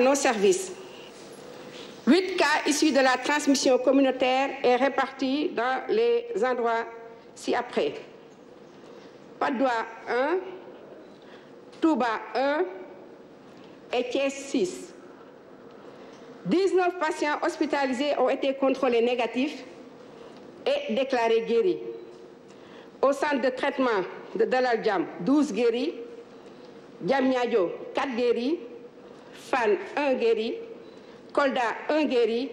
nos services. Huit cas issus de la transmission communautaire et répartis dans les endroits ci-après. Padoua 1, Touba 1 et Thiès 6. 19 patients hospitalisés ont été contrôlés négatifs et déclarés guéris. Au de traitement de Dalal Jamm, 12 guéris, Diamniadio, Fan, un guéri, Kolda, un guéri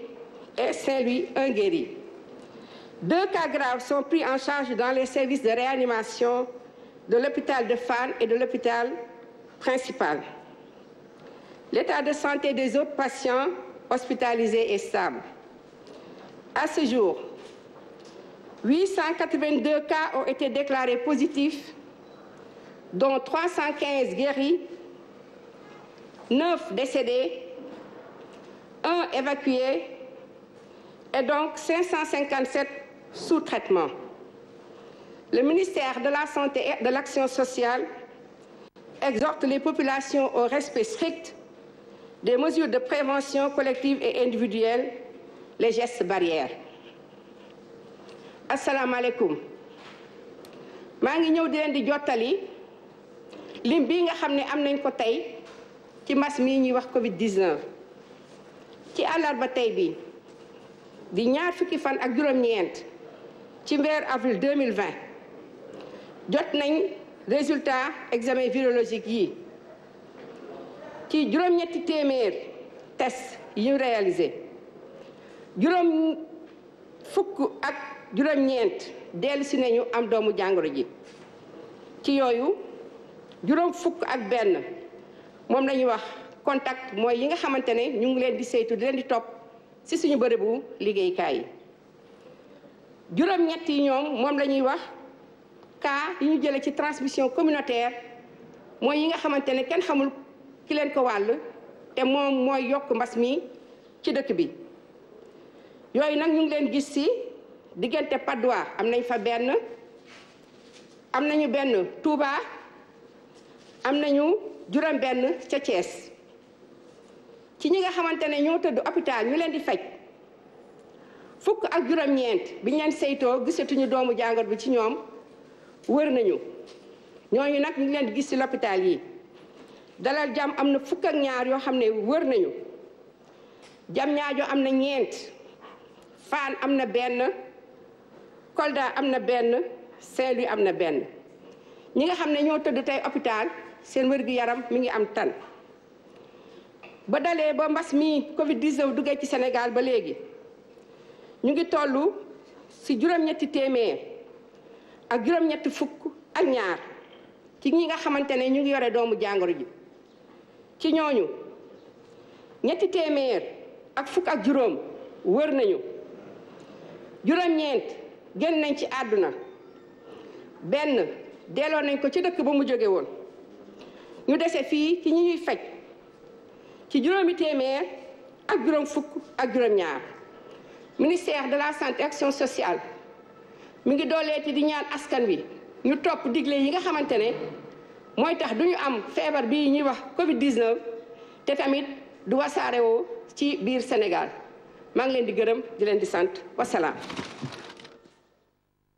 et Saint-Louis, un en charge dans les services de réanimation de l'hôpital de Fan et de l'hôpital principal. L'état de santé des autres patients hospitalisés est stable. À ce jour, 882 cas ont été déclarés positifs, dont 315 guéris 9 décédés, 1 évacué et donc 557 sous traitement. Le ministère de la Santé et de l'Action sociale exhorte les populations au respect strict des mesures de prévention collective et individuelle, les gestes barrières. asalaamaaleykum maa ngi ñëw di di jottali lim bii nga xam ne am nañ ko tey ci mbas mi ñuy wax Covid 19 ci àllarba tey bi di ñaar fukki fan ak juróom-ñeent ci weer avril 2020 jot nañ résultat examen virologique yi ci juróom-ñetti téeméer test yu réalisé juróom fukk ak juróom-ñeent dellu si nañu am doomu jàngoro ji ci yooyu juróom fukk ak benn. moom la wax contact mooy yi nga xamante ne ñu ngi leen di saytu di leen di topp ci suñu bërëbu liggéeykaay yi juróom-ñett yi ñoom moom la wax cas yi ñu jëlee ci transmission communautaire mooy yi nga xamante ne kenn xamul ki leen ko wàll te moom mooy yokk mbas mi ci dëkk bi yooyu nag ñu ngi leen gis ci diggante Patte d'Oie am nañ fa benn am nañu benn Touba am na nañu juróom benn ca Thiès ci ñi nga xamante ne ñoo tëdd hôpital ñu leen di faj fukk ak juróom-ñeent bi ñu saytoo gisatuñu doomu jàngat bi ci ñoom wër nañu ñoo ñooñu nag ñu leen di gis ci l'hôpital yi dalal jàmm am na fukk ak ñaar yoo xam ne wër nañu jam ñaajo am na ñeent Fann am na benn Kolda am na benn Saint-Louis am na benn ñi nga xam ne ñoo tëdd tey hôpital seen wér gu yaram mi ngi am tan ba dalee ba mbas mi Covid 19 duggee ci senegaal ba léegi ñu ngi tollu ci juróom-ñetti téeméer ak juróom-ñetti fukk ak ñaar ci ñi nga xamante ne ñu ngi yore doomu jàngoro ji ci ñooñu ñetti téeméer ak fukk ak juróom wër nañu juróom-ñeent génn nañ ci àdduna benn delloo nañ ko ci dëkk ba mu jóge woon. ñu dese fii ci ñi ñuy faj ci juróomi téeméer ak juróom fukk ak juróom-ñaar ministère de la santé action sociale mu ngi dooleeti di ñaan askan wi ñu topp digle yi nga xamante ne mooy tax du ñu am feebar bii ñuy wax Covid te tamit du wasaare woo ci biir Sénégal maa ngi leen di gërëm di leen di sant wasalaam.